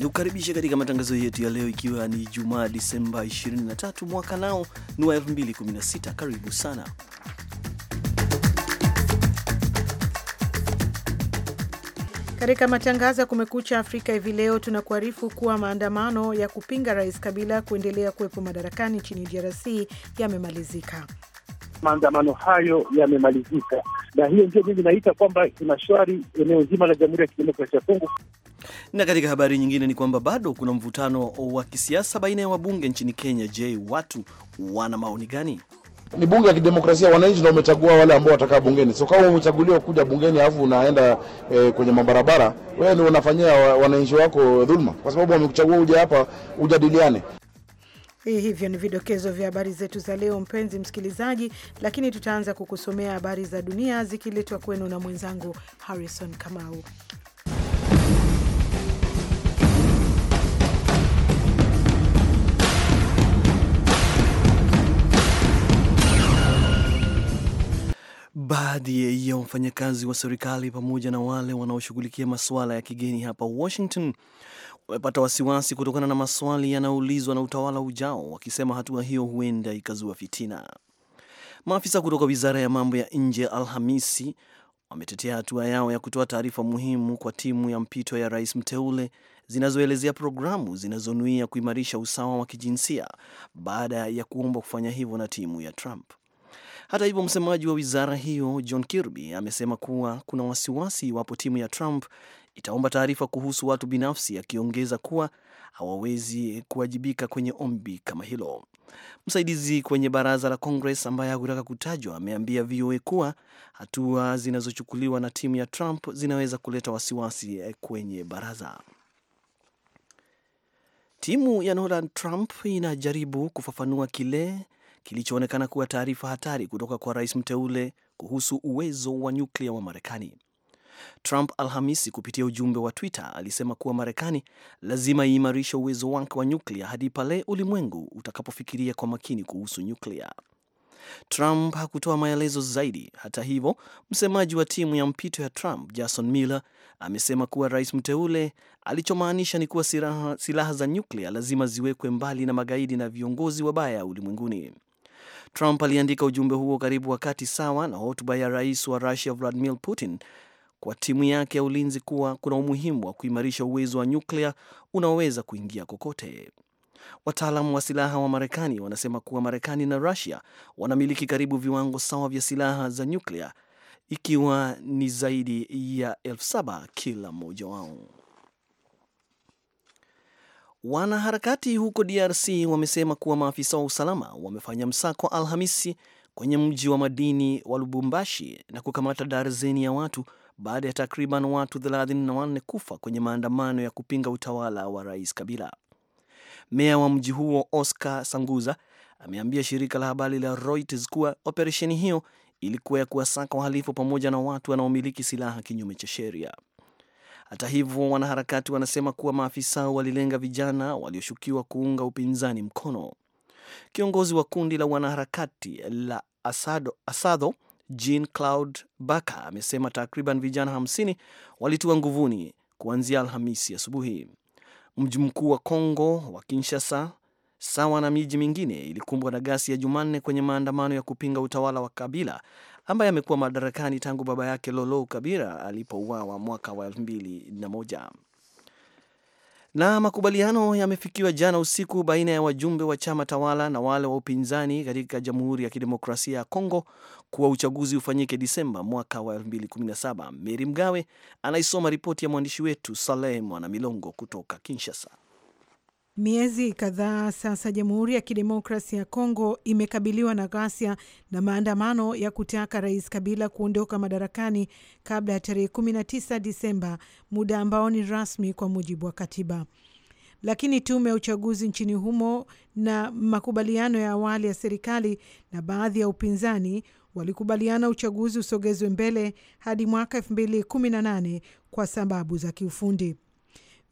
ni kukaribisha katika matangazo yetu ya leo, ikiwa ni Jumaa Disemba 23 mwaka nao ni wa 2016. Karibu sana katika matangazo ya Kumekucha Afrika hivi leo. Tunakuarifu kuwa maandamano ya kupinga Rais Kabila kuendelea kuwepo madarakani nchini DRC yamemalizika. Maandamano hayo yamemalizika, na hiyo ndio mimi naita kwamba kuna shwari eneo zima la Jamhuri ya Kidemokrasia ya Kongo. Na katika habari nyingine ni kwamba bado kuna mvutano wa kisiasa baina ya wabunge nchini Kenya. Je, watu wana maoni gani? Ni bunge ya kidemokrasia, wananchi ndio umechagua wale ambao watakaa bungeni. So kama umechaguliwa kuja bungeni alafu unaenda e, kwenye mabarabara, wewe ni unafanyia wananchi wako dhulma, kwa sababu wamekuchagua uje hapa ujadiliane. hii Hivyo ni vidokezo vya habari zetu za leo, mpenzi msikilizaji, lakini tutaanza kukusomea habari za dunia zikiletwa kwenu na mwenzangu Harrison Kamau. Baadhi ya wafanyakazi wa serikali pamoja na wale wanaoshughulikia masuala ya kigeni hapa Washington wamepata wasiwasi kutokana na maswali yanayoulizwa na utawala ujao, wakisema hatua hiyo huenda ikazua fitina. Maafisa kutoka wizara ya mambo ya nje Alhamisi wametetea hatua yao ya kutoa taarifa muhimu kwa timu ya mpito ya rais mteule zinazoelezea programu zinazonuia kuimarisha usawa wa kijinsia baada ya kuomba kufanya hivyo na timu ya Trump. Hata hivyo, msemaji wa wizara hiyo John Kirby amesema kuwa kuna wasiwasi iwapo timu ya Trump itaomba taarifa kuhusu watu binafsi, akiongeza kuwa hawawezi kuwajibika kwenye ombi kama hilo. Msaidizi kwenye baraza la Congress ambaye hakutaka kutajwa ameambia VOA kuwa hatua zinazochukuliwa na timu ya Trump zinaweza kuleta wasiwasi kwenye baraza. Timu ya Donald Trump inajaribu kufafanua kile kilichoonekana kuwa taarifa hatari kutoka kwa rais mteule kuhusu uwezo wa nyuklia wa Marekani. Trump Alhamisi, kupitia ujumbe wa Twitter, alisema kuwa Marekani lazima iimarishe uwezo wake wa nyuklia hadi pale ulimwengu utakapofikiria kwa makini kuhusu nyuklia. Trump hakutoa maelezo zaidi. Hata hivyo, msemaji wa timu ya mpito ya Trump, Jason Miller, amesema kuwa rais mteule alichomaanisha ni kuwa silaha, silaha za nyuklia lazima ziwekwe mbali na magaidi na viongozi wabaya ulimwenguni. Trump aliandika ujumbe huo karibu wakati sawa na hotuba ya rais wa Russia Vladimir Putin kwa timu yake ya ulinzi kuwa kuna umuhimu wa kuimarisha uwezo wa nyuklia unaoweza kuingia kokote. Wataalamu wa silaha wa Marekani wanasema kuwa Marekani na Rusia wanamiliki karibu viwango sawa vya silaha za nyuklia ikiwa ni zaidi ya elfu saba kila mmoja wao. Wanaharakati huko DRC wamesema kuwa maafisa wa usalama wamefanya msako Alhamisi kwenye mji wa madini wa Lubumbashi na kukamata darzeni ya watu baada ya takriban watu 34 kufa kwenye maandamano ya kupinga utawala wa Rais Kabila. Meya wa mji huo Oscar Sanguza ameambia shirika la habari la Reuters kuwa operesheni hiyo ilikuwa ya kuwasaka wahalifu pamoja na watu wanaomiliki silaha kinyume cha sheria. Hata hivyo, wanaharakati wanasema kuwa maafisa walilenga vijana walioshukiwa kuunga upinzani mkono. Kiongozi wa kundi la wanaharakati la Asado, Asado Jean Claude Baka amesema takriban vijana 50 walitua nguvuni kuanzia Alhamisi asubuhi. Mji mkuu wa Kongo wa Kinshasa sawa na miji mingine ilikumbwa na gasi ya Jumanne kwenye maandamano ya kupinga utawala wa Kabila ambaye amekuwa madarakani tangu baba yake Lolo Kabira alipouawa mwaka wa 2001. Na makubaliano yamefikiwa jana usiku baina ya wajumbe wa chama tawala na wale wa upinzani katika Jamhuri ya Kidemokrasia ya Kongo kuwa uchaguzi ufanyike Disemba mwaka wa 2017. Meri Mgawe anaisoma ripoti ya mwandishi wetu Saleh Mwanamilongo kutoka Kinshasa. Miezi kadhaa sasa Jamhuri ya Kidemokrasia ya Kongo imekabiliwa na ghasia na maandamano ya kutaka Rais Kabila kuondoka madarakani kabla ya tarehe 19 Disemba, muda ambao ni rasmi kwa mujibu wa katiba. Lakini tume ya uchaguzi nchini humo na makubaliano ya awali ya serikali na baadhi ya upinzani walikubaliana uchaguzi usogezwe mbele hadi mwaka 2018 kwa sababu za kiufundi.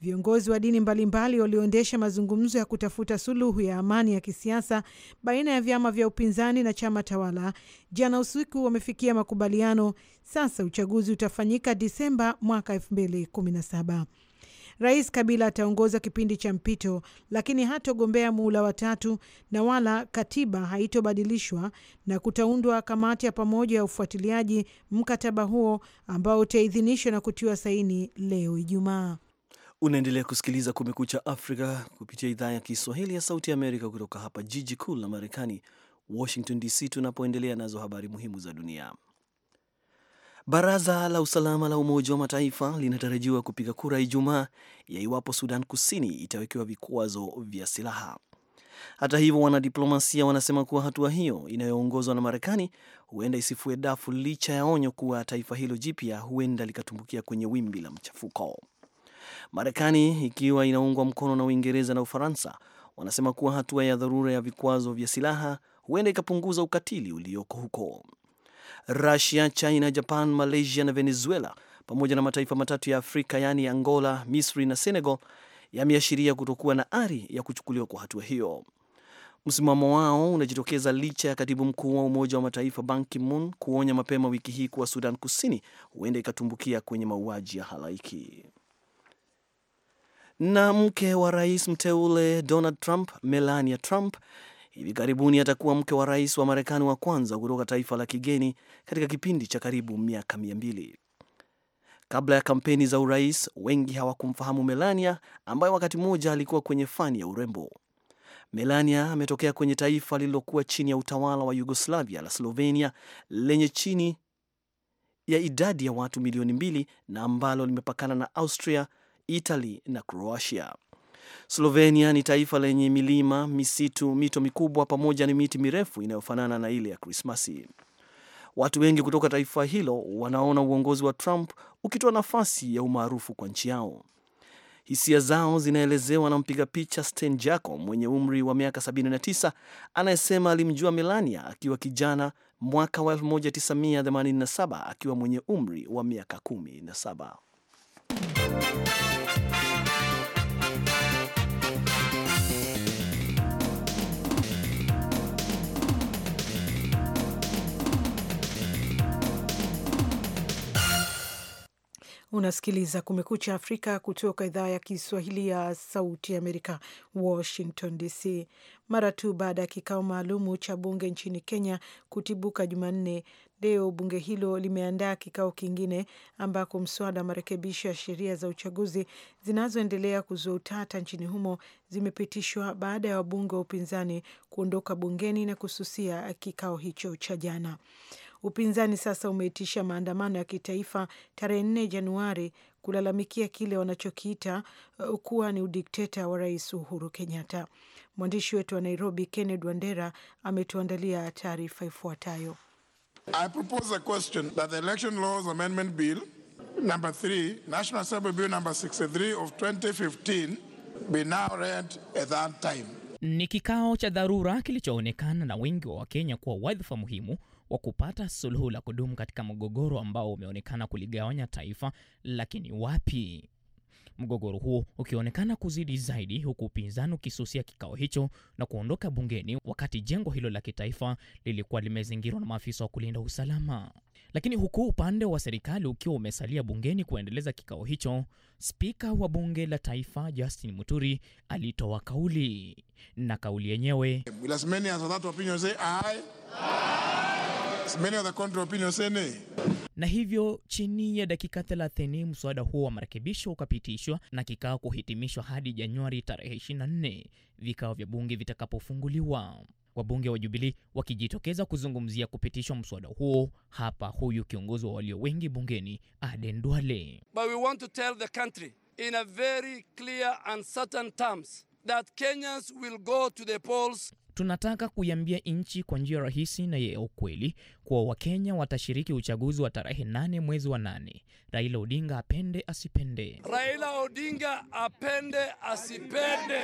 Viongozi wa dini mbalimbali walioendesha mazungumzo ya kutafuta suluhu ya amani ya kisiasa baina ya vyama vya upinzani na chama tawala jana usiku wamefikia makubaliano. Sasa uchaguzi utafanyika Disemba mwaka 2017. Rais Kabila ataongoza kipindi cha mpito, lakini hatogombea muula watatu na wala katiba haitobadilishwa, na kutaundwa kamati ya pamoja ya ufuatiliaji mkataba huo ambao utaidhinishwa na kutiwa saini leo Ijumaa. Unaendelea kusikiliza Kumekucha Afrika kupitia idhaa ya Kiswahili ya Sauti Amerika kutoka hapa jiji kuu la Marekani, Washington DC, tunapoendelea nazo habari muhimu za dunia. Baraza la Usalama la Umoja wa Mataifa linatarajiwa kupiga kura Ijumaa ya iwapo Sudan Kusini itawekewa vikwazo vya silaha. Hata hivyo, wanadiplomasia wanasema kuwa hatua hiyo inayoongozwa na Marekani huenda isifue dafu licha ya onyo kuwa taifa hilo jipya huenda likatumbukia kwenye wimbi la mchafuko. Marekani ikiwa inaungwa mkono na Uingereza na Ufaransa wanasema kuwa hatua ya dharura ya vikwazo vya silaha huenda ikapunguza ukatili ulioko huko. Rusia, China, Japan, Malaysia na Venezuela pamoja na mataifa matatu ya Afrika yaani Angola, Misri na Senegal yameashiria kutokuwa na ari ya kuchukuliwa kwa hatua hiyo. Msimamo wao unajitokeza licha ya katibu mkuu wa Umoja wa Mataifa Ban Ki-moon kuonya mapema wiki hii kuwa Sudan Kusini huenda ikatumbukia kwenye mauaji ya halaiki. Na mke wa rais mteule Donald Trump, Melania Trump, hivi karibuni atakuwa mke wa rais wa Marekani wa kwanza kutoka taifa la kigeni katika kipindi cha karibu miaka mia mbili. Kabla ya kampeni za urais, wengi hawakumfahamu Melania ambaye wakati mmoja alikuwa kwenye fani ya urembo. Melania ametokea kwenye taifa lililokuwa chini ya utawala wa Yugoslavia la Slovenia lenye chini ya idadi ya watu milioni mbili na ambalo limepakana na Austria, Italy na Croatia. Slovenia ni taifa lenye milima, misitu, mito mikubwa pamoja na miti mirefu inayofanana na ile ya Krismasi. Watu wengi kutoka taifa hilo wanaona uongozi wa Trump ukitoa nafasi ya umaarufu kwa nchi yao. Hisia zao zinaelezewa na mpiga picha Sten jaco mwenye umri wa miaka 79 anayesema alimjua Melania akiwa kijana mwaka wa 1987 akiwa mwenye umri wa miaka 17. Unasikiliza Kumekucha Afrika kutoka idhaa ya Kiswahili ya Sauti Amerika, Washington DC. Mara tu baada ya kikao maalumu cha bunge nchini Kenya kutibuka Jumanne Leo bunge hilo limeandaa kikao kingine ambako mswada wa marekebisho ya sheria za uchaguzi zinazoendelea kuzua utata nchini humo zimepitishwa baada ya wabunge wa upinzani kuondoka bungeni na kususia kikao hicho cha jana. Upinzani sasa umeitisha maandamano ya kitaifa tarehe nne Januari kulalamikia kile wanachokiita uh, kuwa ni udikteta wa Rais Uhuru Kenyatta. Mwandishi wetu wa Nairobi, Kenneth Wandera, ametuandalia taarifa ifuatayo. I propose a question that the Election Laws Amendment Bill, number 3, National Assembly Bill number 63 of 2015, be now read at that time. Ni kikao cha dharura kilichoonekana na wengi wa Wakenya kuwa wadhifa muhimu wa kupata suluhu la kudumu katika mgogoro ambao umeonekana kuligawanya taifa, lakini wapi mgogoro huo ukionekana kuzidi zaidi, huku upinzani ukisusia kikao hicho na kuondoka bungeni, wakati jengo hilo la kitaifa lilikuwa limezingirwa na maafisa wa kulinda usalama. Lakini huku upande wa serikali ukiwa umesalia bungeni kuendeleza kikao hicho, spika wa bunge la taifa Justin Muturi alitoa kauli, na kauli yenyewe na hivyo chini ya dakika 30 mswada huo wa marekebisho ukapitishwa na kikao kuhitimishwa hadi Januari tarehe 24 vikao vya bunge vitakapofunguliwa. Wabunge wa Jubilee wakijitokeza kuzungumzia kupitishwa mswada huo. Hapa huyu kiongozi wa walio wengi bungeni Aden Duale. But we want to tell the country in a very clear and certain terms that Kenyans will go to the polls Tunataka kuiambia nchi kwa njia rahisi na ya ukweli kuwa Wakenya watashiriki uchaguzi wa tarehe nane mwezi wa nane. Raila Odinga apende asipende, Raila Odinga apende asipende.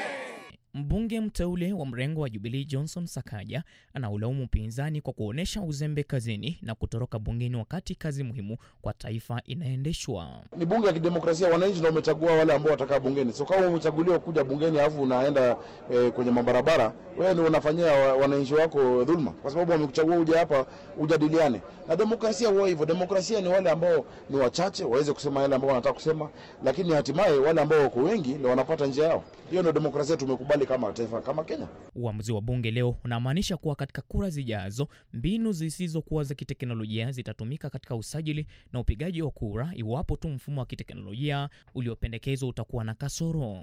Mbunge mteule wa mrengo wa Jubilee Johnson Sakaja anaulaumu upinzani kwa kuonyesha uzembe kazini na kutoroka bungeni wakati kazi muhimu kwa taifa inaendeshwa. Ni bunge ya kidemokrasia, wananchi na umechagua wale ambao watakaa bungeni. So kama umechaguliwa kuja bungeni alafu unaenda e, kwenye mabarabara, wewe ni una unafanyia wananchi wako dhulma, kwa sababu wamekuchagua uje hapa ujadiliane. Na demokrasia huwa hivyo, demokrasia ni wale ambao ni wachache waweze kusema yale ambao wanataka kusema, lakini hatimaye wale ambao wako wengi ndio wanapata njia yao. Hiyo ndio demokrasia tumekubali kama taifa, kama Kenya. Uamuzi wa bunge leo unamaanisha kuwa katika kura zijazo, mbinu zisizokuwa za kiteknolojia zitatumika katika usajili na upigaji wa kura, iwapo tu mfumo wa kiteknolojia uliopendekezwa utakuwa na kasoro.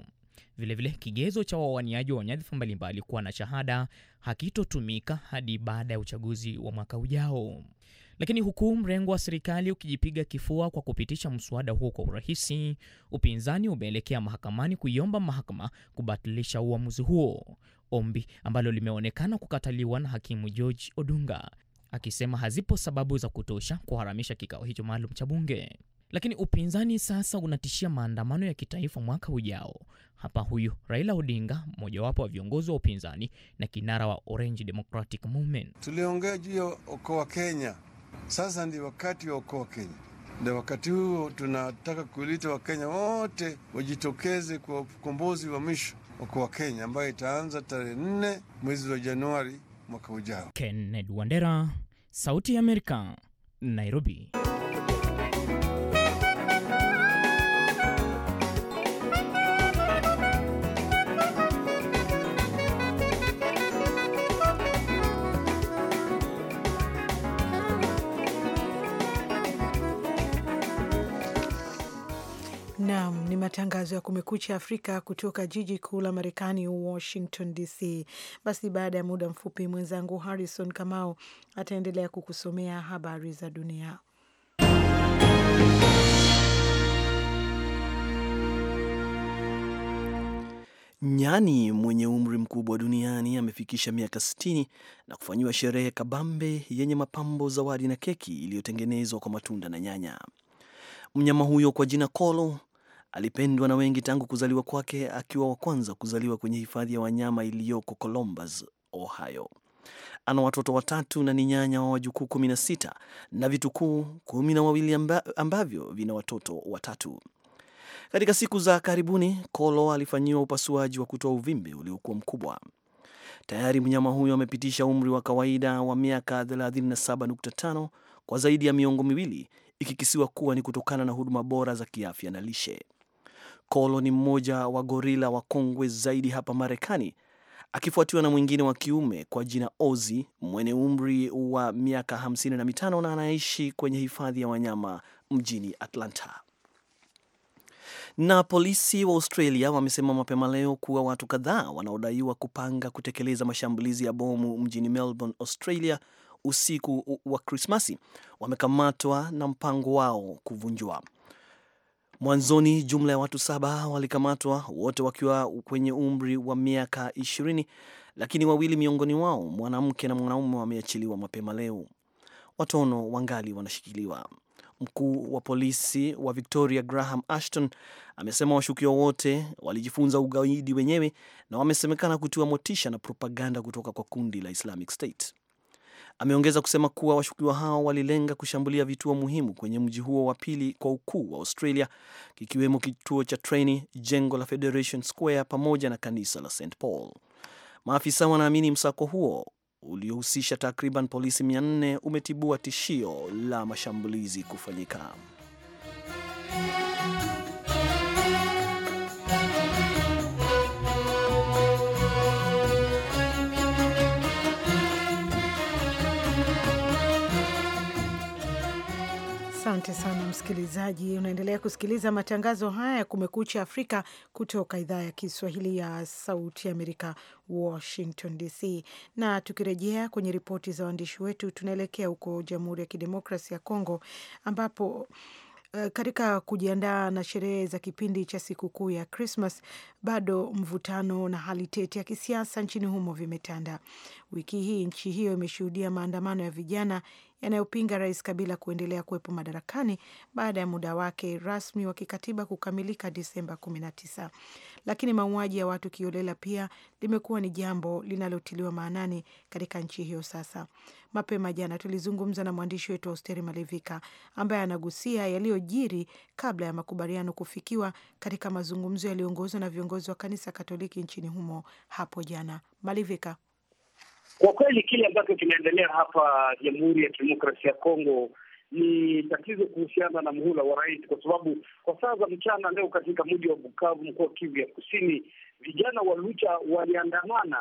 Vilevile vile, kigezo cha wawaniaji wa nyadhifa mbalimbali kuwa na shahada hakitotumika hadi baada ya uchaguzi wa mwaka ujao. Lakini huku mrengo wa serikali ukijipiga kifua kwa kupitisha mswada huo kwa urahisi, upinzani umeelekea mahakamani kuiomba mahakama kubatilisha uamuzi huo, ombi ambalo limeonekana kukataliwa na hakimu George Odunga akisema hazipo sababu za kutosha kuharamisha kikao hicho maalum cha bunge. Lakini upinzani sasa unatishia maandamano ya kitaifa mwaka ujao. Hapa huyu Raila Odinga, mmojawapo wa viongozi wa upinzani na kinara wa Orange Democratic Movement. Tuliongea juu ya okoa Kenya, sasa ndi wakati wa okoa Kenya, na wakati huo tunataka kuilita Wakenya wote wajitokeze kwa ukombozi wa mwisho okoa Kenya ambayo itaanza tarehe nne mwezi wa Januari mwaka ujao. kenned Wandera, Sauti ya Amerika, Nairobi. matangazo ya Kumekucha Afrika kutoka jiji kuu la Marekani, Washington DC. Basi baada ya muda mfupi, mwenzangu Harrison Kamau ataendelea kukusomea habari za dunia. Nyani mwenye umri mkubwa duniani amefikisha miaka 60 na kufanyiwa sherehe kabambe yenye mapambo, zawadi na keki iliyotengenezwa kwa matunda na nyanya. Mnyama huyo kwa jina Kolo Alipendwa na wengi tangu kuzaliwa kwake, akiwa wa kwanza kuzaliwa kwenye hifadhi ya wanyama iliyoko Columbus, Ohio. Ana watoto watatu na ni nyanya wa wajukuu 16 na vitukuu kumi na wawili ambavyo vina watoto watatu. Katika siku za karibuni, Kolo alifanyiwa upasuaji wa kutoa uvimbe uliokuwa mkubwa. Tayari mnyama huyo amepitisha umri wa kawaida wa miaka 37.5 kwa zaidi ya miongo miwili, ikikisiwa kuwa ni kutokana na huduma bora za kiafya na lishe. Kolo ni mmoja wa gorila wa kongwe zaidi hapa Marekani, akifuatiwa na mwingine wa kiume kwa jina Ozi mwenye umri wa miaka 55 na anaishi kwenye hifadhi ya wanyama mjini Atlanta. Na polisi wa Australia wamesema mapema leo kuwa watu kadhaa wanaodaiwa kupanga kutekeleza mashambulizi ya bomu mjini Melbourne, Australia, usiku wa Krismasi wamekamatwa na mpango wao kuvunjwa. Mwanzoni jumla ya watu saba walikamatwa, wote wakiwa kwenye umri wa miaka ishirini, lakini wawili miongoni wao, mwanamke na mwanaume, wameachiliwa mapema leo. Watono wangali wanashikiliwa. Mkuu wa polisi wa Victoria Graham Ashton amesema washukiwa wote walijifunza ugaidi wenyewe na wamesemekana kutiwa motisha na propaganda kutoka kwa kundi la Islamic State. Ameongeza kusema kuwa washukiwa hao walilenga kushambulia vituo muhimu kwenye mji huo wa pili kwa ukuu wa Australia, kikiwemo kituo cha treni, jengo la Federation Square pamoja na kanisa la St Paul. Maafisa wanaamini msako huo uliohusisha takriban polisi 400 umetibua tishio la mashambulizi kufanyika. Asante sana msikilizaji, unaendelea kusikiliza matangazo haya ya Kumekucha Afrika kutoka idhaa ya Kiswahili ya Sauti Amerika, Washington DC. Na tukirejea kwenye ripoti za waandishi wetu, tunaelekea huko Jamhuri ya Kidemokrasi ya Kongo ambapo eh, katika kujiandaa na sherehe za kipindi cha sikukuu ya Krismas bado mvutano na hali tete ya kisiasa nchini humo vimetanda. Wiki hii nchi hiyo imeshuhudia maandamano ya vijana yanayopinga Rais Kabila kuendelea kuwepo madarakani baada ya muda wake rasmi wa kikatiba kukamilika Disemba 19. Lakini mauaji ya watu kiolela pia limekuwa ni jambo linalotiliwa maanani katika nchi hiyo. Sasa mapema jana tulizungumza na mwandishi wetu Austeri Malivika ambaye anagusia yaliyojiri kabla ya makubaliano kufikiwa katika mazungumzo yaliyoongozwa na viongozi wa kanisa Katoliki nchini humo hapo jana. Malivika. Kwa kweli kile ambacho kinaendelea hapa Jamhuri ya Kidemokrasia ya Kongo ni tatizo kuhusiana na muhula wa rais, kwa sababu kwa saa za mchana leo katika mji wa Bukavu, mkoa wa Kivu ya Kusini, vijana wa Lucha waliandamana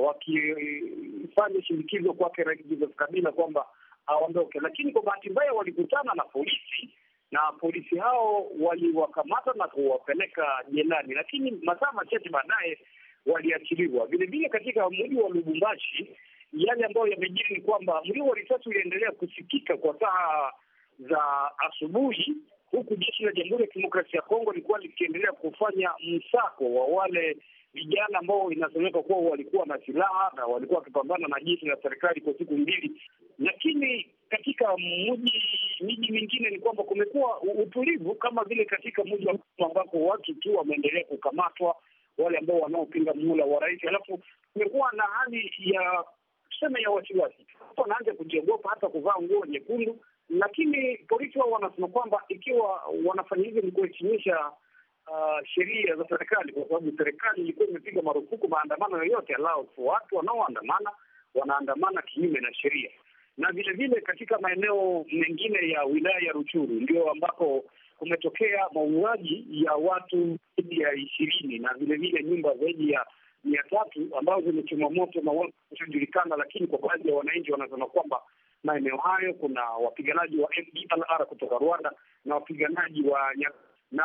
wakifanya shinikizo kwake Rais Joseph Kabila kwamba aondoke, lakini kwa bahati mbaya walikutana na polisi na polisi hao waliwakamata na kuwapeleka jelani, lakini masaa machache baadaye waliachiliwa. Vilevile katika mji wa Lubumbashi, yale ambayo yamejiri ni kwamba mlio wa risasi uliendelea kusikika kwa saa za asubuhi, huku jeshi la Jamhuri ya Kidemokrasia ya Kongo lilikuwa likiendelea kufanya msako wa wale vijana ambao inasemeka kuwa walikuwa na silaha na walikuwa wakipambana na jeshi la serikali kwa siku mbili. Lakini katika mji miji mingine ni kwamba kumekuwa utulivu, kama vile katika mji wa ambako watu tu wameendelea kukamatwa wale ambao wanaopinga muhula wa rais. Alafu kumekuwa na hali ya tuseme ya wasiwasi, watu wanaanza kujiogopa hata kuvaa nguo nyekundu, lakini polisi wao wanasema kwamba ikiwa wanafanya hivyo ni kuheshimisha uh, sheria za serikali, kwa sababu serikali ilikuwa imepiga marufuku maandamano yoyote, alafu watu wanaoandamana wanaandamana kinyume na sheria. Na vilevile katika maeneo mengine ya wilaya ya Ruchuru ndio ambapo kumetokea mauaji ya watu zaidi ya ishirini na vilevile nyumba zaidi ya mia tatu ambazo zimechoma moto na watu wasiojulikana, lakini kwa baadhi ya wananchi wanasema kwamba maeneo hayo kuna wapiganaji wa FDLR kutoka Rwanda na wapiganaji wa na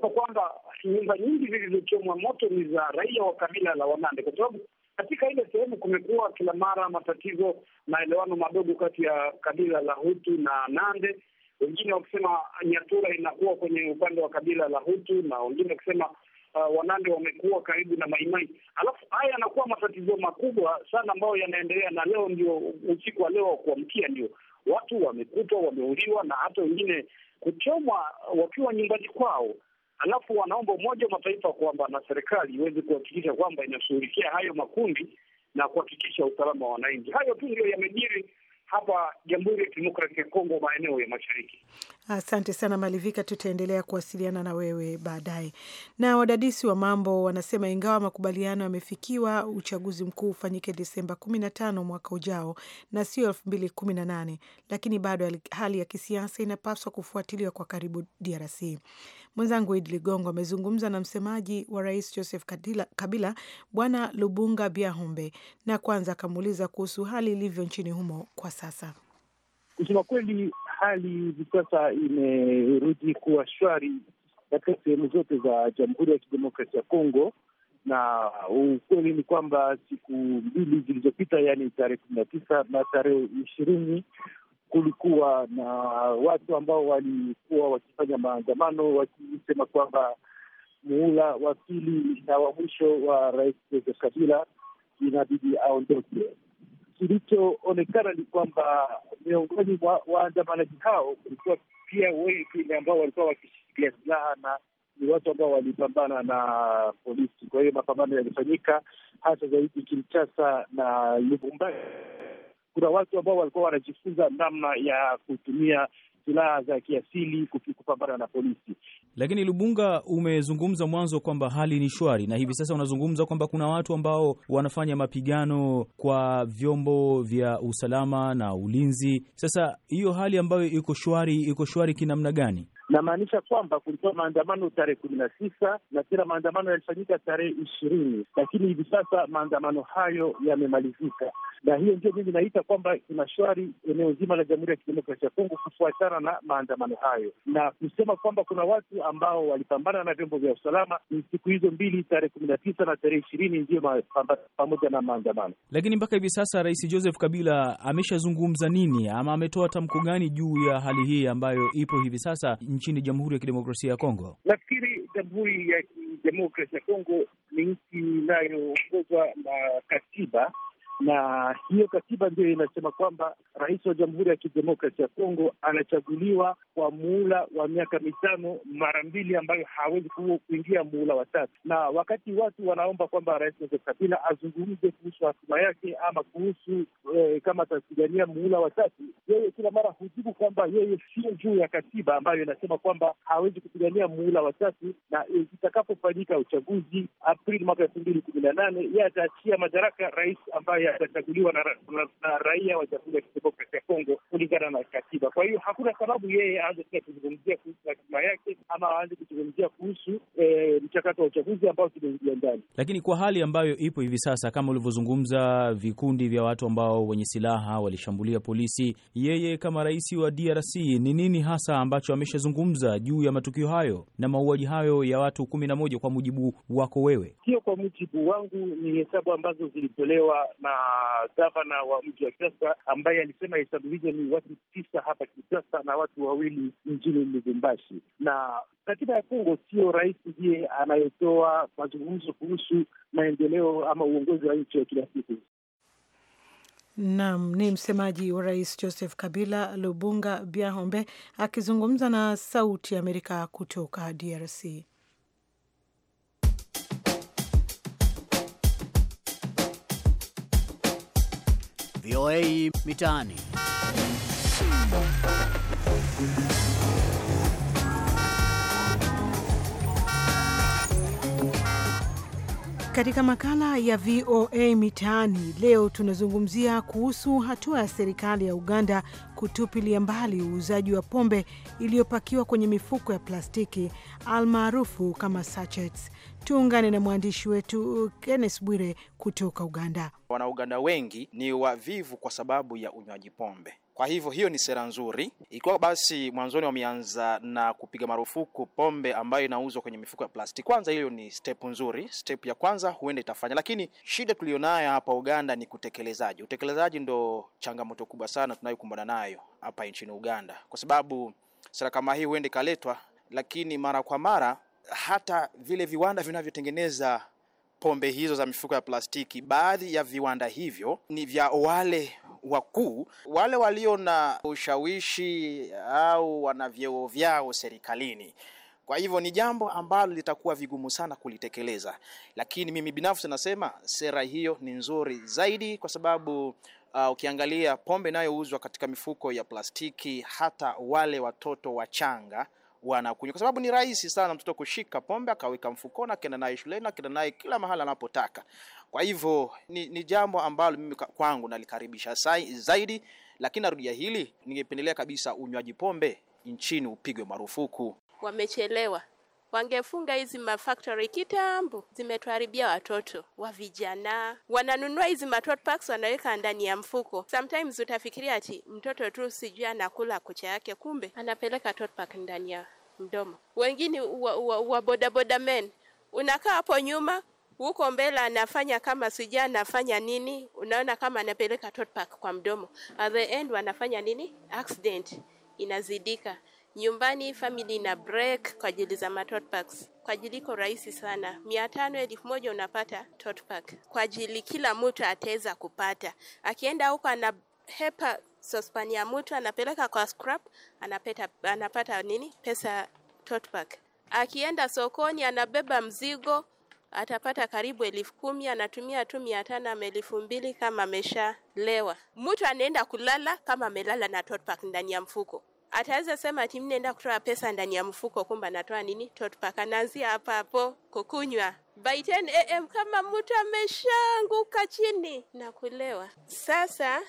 kwa kwamba nyumba nyingi zilizochomwa moto ni za raia wa kabila la Wanande, kwa sababu katika ile sehemu kumekuwa kila mara matatizo, maelewano madogo kati ya kabila la Hutu na Nande wengine wakisema Nyatura inakuwa kwenye upande wa kabila la Hutu na wengine wakisema Uh, Wanande wamekuwa karibu na Maimai. Alafu haya yanakuwa matatizo makubwa sana ambayo yanaendelea, na leo ndio usiku wa leo wa kuamkia ndio watu wamekutwa wameuliwa na hata wengine kuchomwa wakiwa nyumbani kwao. Alafu wanaomba Umoja wa Mataifa kwamba na serikali iweze kuhakikisha kwamba inashughulikia hayo makundi na kuhakikisha usalama wa wananchi. Hayo tu ndio yamejiri hapa Jamhuri ya Kidemokrasia ya Kongo, maeneo ya mashariki. Asante sana Malivika, tutaendelea kuwasiliana na wewe baadaye. Na wadadisi wa mambo wanasema ingawa makubaliano yamefikiwa, uchaguzi mkuu ufanyike Desemba 15 mwaka ujao na sio 2018, lakini bado hali ya kisiasa inapaswa kufuatiliwa kwa karibu DRC. Mwenzangu Idi Ligongo amezungumza na msemaji wa rais Joseph Kabila, Bwana Lubunga Biahombe, na kwanza akamuuliza kuhusu hali ilivyo nchini humo kwa sasa. Kusema kweli, hali hivi sasa imerudi kuwa shwari katika sehemu zote za Jamhuri ya Kidemokrasia ya Kongo, na ukweli ni kwamba siku mbili zilizopita, yaani tarehe kumi na tisa na tarehe ishirini kulikuwa na watu ambao walikuwa wakifanya maandamano wakisema kwamba muhula wa pili na wa mwisho wa Rais Joseph Kabila inabidi aondoke kilichoonekana ni kwamba miongoni mwa waandamanaji hao kulikuwa pia wengi ambao walikuwa wakishikilia silaha na ni watu ambao walipambana na polisi. Kwa hiyo mapambano yalifanyika hasa zaidi Kinshasa na Lubumbashi. Kuna watu ambao walikuwa wanajifunza namna ya kutumia silaha za kiasili kupambana na polisi. Lakini Lubunga, umezungumza mwanzo kwamba hali ni shwari, na hivi sasa unazungumza kwamba kuna watu ambao wanafanya mapigano kwa vyombo vya usalama na ulinzi. Sasa hiyo hali ambayo iko shwari, iko shwari kinamna gani? namaanisha kwamba kulikuwa maandamano tarehe kumi na tisa na tena maandamano yalifanyika tarehe ishirini lakini hivi sasa maandamano hayo yamemalizika, na hiyo ndio mimi naita kwamba kuna shwari eneo zima la Jamhuri ya Kidemokrasia ya Kongo kufuatana na maandamano hayo, na kusema kwamba kuna watu ambao walipambana na vyombo vya usalama ni siku hizo mbili, tarehe kumi na tisa na tarehe ishirini ndiyo pamoja na maandamano. Lakini mpaka hivi sasa Rais Joseph Kabila ameshazungumza nini ama ametoa tamko gani juu ya hali hii ambayo ipo hivi sasa nchini Jamhuri ya Kidemokrasia ya Kongo? Nafikiri Jamhuri ya Kidemokrasia ya Kongo ni nchi inayoongozwa na katiba na hiyo katiba ndiyo inasema kwamba rais wa Jamhuri ya Kidemokrasi ya Kongo anachaguliwa kwa muhula wa miaka mitano mara mbili, ambayo hawezi kuingia muhula wa tatu. Na wakati watu wanaomba kwamba rais Joseph Kabila azungumze kuhusu hatima yake ama kuhusu eh, kama atapigania muhula wa tatu, yeye kila mara hujibu kwamba yeye sio juu ya katiba ambayo inasema kwamba hawezi kupigania muhula wa tatu, na eh, itakapofanyika uchaguzi Aprili mwaka elfu mbili kumi na nane yeye ataachia madaraka rais ambaye atachaguliwa na, na, na raia wa Jamhuri ya Kidemokrasi ya Kongo kulingana na katiba. Kwa hiyo hakuna sababu yeye aanze tena kuzungumzia kuhusu hatima yake ama aanze kuzungumzia kuhusu e, mchakato wa uchaguzi ambao tumeingia ndani, lakini kwa hali ambayo ipo hivi sasa, kama ulivyozungumza, vikundi vya watu ambao wenye silaha walishambulia polisi, yeye kama rais wa DRC ni nini hasa ambacho ameshazungumza juu ya matukio hayo na mauaji hayo ya watu kumi na moja? Kwa mujibu wako wewe, sio kwa mujibu wangu, ni hesabu ambazo zilitolewa na gavana wa mji wa Kinshasa ambaye alisema hesabu hizo ni watu tisa hapa Kinshasa na watu wawili mjini Lubumbashi. Na katiba ya Kongo sio rais ndiye anayetoa mazungumzo kuhusu maendeleo ama uongozi wa nchi wa kila siku. Naam, ni msemaji wa rais Joseph Kabila, Lubunga Biahombe, akizungumza na Sauti ya Amerika kutoka DRC. VOA Mitaani. Katika makala ya VOA Mitaani leo tunazungumzia kuhusu hatua ya serikali ya Uganda kutupilia mbali uuzaji wa pombe iliyopakiwa kwenye mifuko ya plastiki almaarufu kama sachets. Tuungane na mwandishi wetu Kenneth Bwire kutoka Uganda. Wanauganda wengi ni wavivu kwa sababu ya unywaji pombe. Kwa hivyo hiyo ni sera nzuri. Ikiwa basi mwanzoni wameanza na kupiga marufuku pombe ambayo inauzwa kwenye mifuko ya plastiki, kwanza hiyo ni step nzuri, step ya kwanza huenda itafanya, lakini shida tuliyonayo hapa Uganda ni kutekelezaji. Utekelezaji ndo changamoto kubwa sana tunayokumbana nayo hapa nchini Uganda, kwa sababu sera kama hii huenda ikaletwa, lakini mara kwa mara hata vile viwanda vinavyotengeneza pombe hizo za mifuko ya plastiki, baadhi ya viwanda hivyo ni vya wale wakuu wale walio na ushawishi au wana vyeo vyao serikalini. Kwa hivyo ni jambo ambalo litakuwa vigumu sana kulitekeleza, lakini mimi binafsi nasema sera hiyo ni nzuri zaidi kwa sababu Uh, ukiangalia pombe inayouzwa katika mifuko ya plastiki, hata wale watoto wachanga wanakunywa, kwa sababu ni rahisi sana mtoto kushika pombe akaweka mfukoni, akaenda naye shuleni, akaenda naye kila mahali anapotaka. Kwa hivyo ni, ni jambo ambalo mimi kwangu nalikaribisha zaidi, lakini narudia hili, ningependelea kabisa unywaji pombe nchini upigwe marufuku. Wamechelewa wangefunga hizi mafactory kitambo, zimetuharibia watoto wa vijana. Wananunua hizi matot packs wanaweka ndani ya mfuko. Sometimes utafikiria ati mtoto tu sijui anakula kucha yake, kumbe anapeleka tot pack ndani ya mdomo. Wengine wa, wa, wa boda men unakaa hapo nyuma huko mbele anafanya kama sijui anafanya nini, unaona kama anapeleka tot pack kwa mdomo. At the end wanafanya nini? Accident inazidika nyumbani family na break kwa ajili za matot packs kwa ajili iko rahisi sana, mia tano elfu moja unapata tot pack kwa ajili kila mtu ataweza kupata. Akienda huko ana hepa sospani ya mtu anapeleka kwa scrap, anapeta, anapata nini pesa tot pack. Akienda sokoni anabeba mzigo atapata karibu elfu kumi anatumia tu mia tano ama elfu mbili kama ameshalewa. Mtu anaenda kulala kama amelala na totpak ndani ya mfuko ataweza sema ati mnaenda kutoa pesa ndani ya mfuko, kumba anatoa nini? nanzia hapa hapo kukunywa by 10 am, kama mtu ameshanguka chini na kulewa. Sasa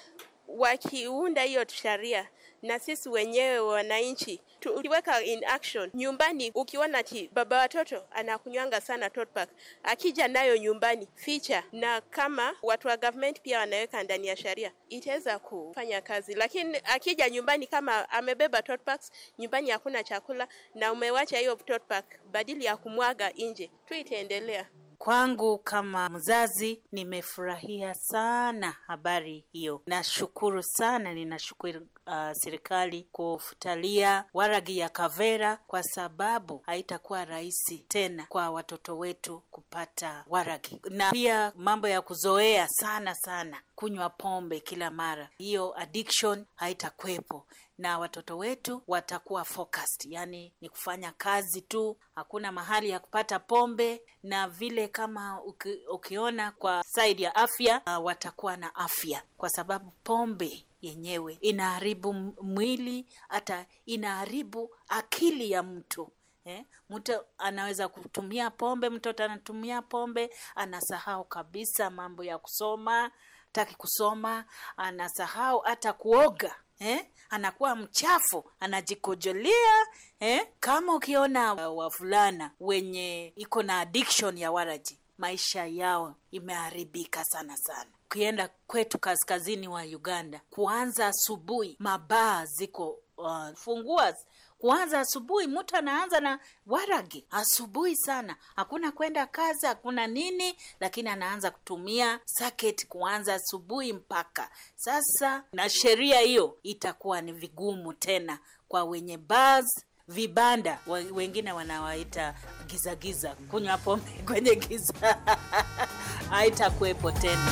wakiunda hiyo sharia na sisi wenyewe wananchi tukiweka in action nyumbani. Ukiona ti baba watoto anakunywanga sana totpack, akija nayo nyumbani ficha, na kama watu wa government pia wanaweka ndani ya sharia itaweza kufanya kazi. Lakini akija nyumbani kama amebeba totpacks, nyumbani hakuna chakula na umewacha hiyo totpack badili ya kumwaga nje, tu itaendelea. Kwangu kama mzazi nimefurahia sana habari hiyo, nashukuru sana, ninashukuru uh, serikali kufutalia waragi ya kavera, kwa sababu haitakuwa rahisi tena kwa watoto wetu kupata waragi, na pia mambo ya kuzoea sana sana kunywa pombe kila mara, hiyo addiction haitakwepo na watoto wetu watakuwa focused, yani ni kufanya kazi tu, hakuna mahali ya kupata pombe. Na vile kama uki, ukiona kwa side ya afya uh, watakuwa na afya, kwa sababu pombe yenyewe, inaharibu mwili, hata inaharibu akili ya mtu. Eh, mtu anaweza kutumia pombe, mtoto anatumia pombe, anasahau kabisa mambo ya kusoma, taki kusoma, anasahau hata kuoga eh, anakuwa mchafu, anajikojolea eh. Kama ukiona wavulana wenye iko na addiction ya waraji, maisha yao imeharibika sana sana ukienda kwetu kaskazini wa Uganda, kuanza asubuhi, mabaa ziko uh, fungua kuanza asubuhi, mtu anaanza na waragi asubuhi sana, hakuna kwenda kazi, hakuna nini, lakini anaanza kutumia saketi kuanza asubuhi mpaka sasa. Na sheria hiyo itakuwa ni vigumu tena kwa wenye bas vibanda, wengine wanawaita gizagiza, kunywa pombe kwenye giza haitakuwepo tena.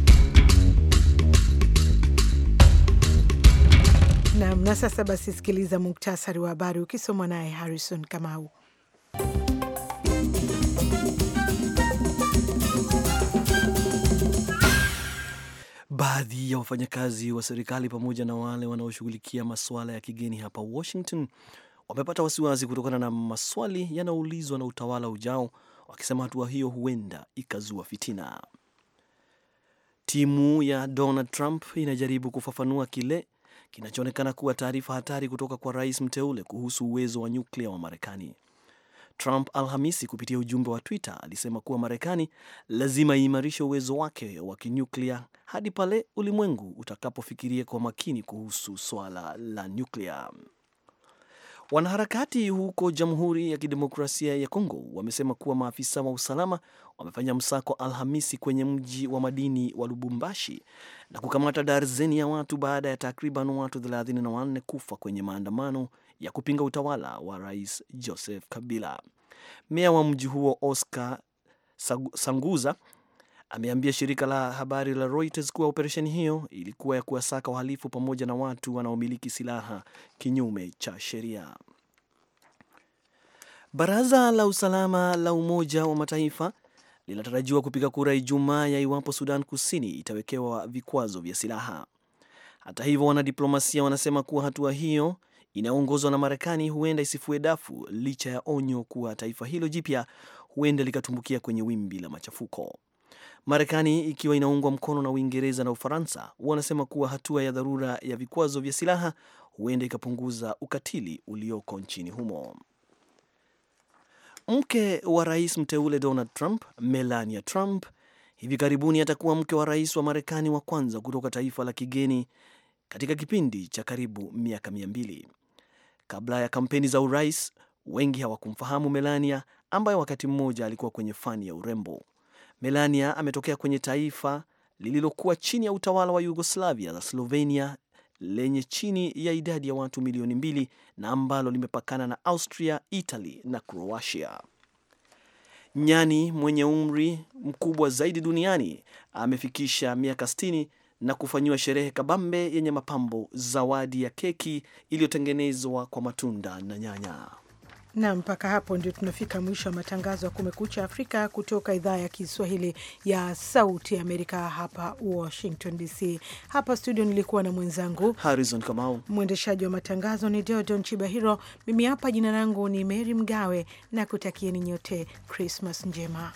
Nam. Na sasa basi, sikiliza muktasari wa habari ukisomwa naye Harrison Kamau. Baadhi ya wafanyakazi wa serikali pamoja na wale wanaoshughulikia masuala ya kigeni hapa Washington wamepata wasiwasi kutokana na maswali yanayoulizwa na utawala ujao, wakisema hatua hiyo huenda ikazua fitina. Timu ya Donald Trump inajaribu kufafanua kile kinachoonekana kuwa taarifa hatari kutoka kwa rais mteule kuhusu uwezo wa nyuklia wa Marekani. Trump Alhamisi, kupitia ujumbe wa Twitter, alisema kuwa Marekani lazima iimarishe uwezo wake wa kinyuklia hadi pale ulimwengu utakapofikiria kwa makini kuhusu swala la nyuklia. Wanaharakati huko Jamhuri ya Kidemokrasia ya Kongo wamesema kuwa maafisa wa usalama wamefanya msako Alhamisi kwenye mji wa madini wa Lubumbashi na kukamata darzeni ya watu baada ya takriban watu 34 kufa kwenye maandamano ya kupinga utawala wa Rais Joseph Kabila. Meya wa mji huo Oscar Sanguza ameambia shirika la habari la Reuters kuwa operesheni hiyo ilikuwa ya kuwasaka wahalifu pamoja na watu wanaomiliki silaha kinyume cha sheria. Baraza la usalama la Umoja wa Mataifa linatarajiwa kupiga kura Ijumaa ya iwapo Sudan Kusini itawekewa vikwazo vya silaha. Hata hivyo, wanadiplomasia wanasema kuwa hatua hiyo inayoongozwa na Marekani huenda isifue dafu licha ya onyo kuwa taifa hilo jipya huenda likatumbukia kwenye wimbi la machafuko. Marekani ikiwa inaungwa mkono na Uingereza na Ufaransa wanasema kuwa hatua ya dharura ya vikwazo vya silaha huenda ikapunguza ukatili ulioko nchini humo. Mke wa rais mteule Donald Trump, Melania Trump, hivi karibuni atakuwa mke wa rais wa Marekani wa kwanza kutoka taifa la kigeni katika kipindi cha karibu miaka mia mbili. Kabla ya kampeni za urais, wengi hawakumfahamu Melania ambaye wakati mmoja alikuwa kwenye fani ya urembo. Melania ametokea kwenye taifa lililokuwa chini ya utawala wa Yugoslavia la Slovenia lenye chini ya idadi ya watu milioni mbili na ambalo limepakana na Austria, Italy na Croatia. Nyani mwenye umri mkubwa zaidi duniani amefikisha miaka 60 na kufanyiwa sherehe kabambe yenye mapambo, zawadi ya keki iliyotengenezwa kwa matunda na nyanya. Na mpaka hapo ndio tunafika mwisho wa matangazo ya Kumekucha Afrika kutoka idhaa ya Kiswahili ya Sauti Amerika, hapa Washington DC. Hapa studio nilikuwa na mwenzangu Harrison Kamau, mwendeshaji wa matangazo ni Deodon Chibahiro, mimi hapa jina langu ni Mary Mgawe na kutakieni nyote Krismas njema.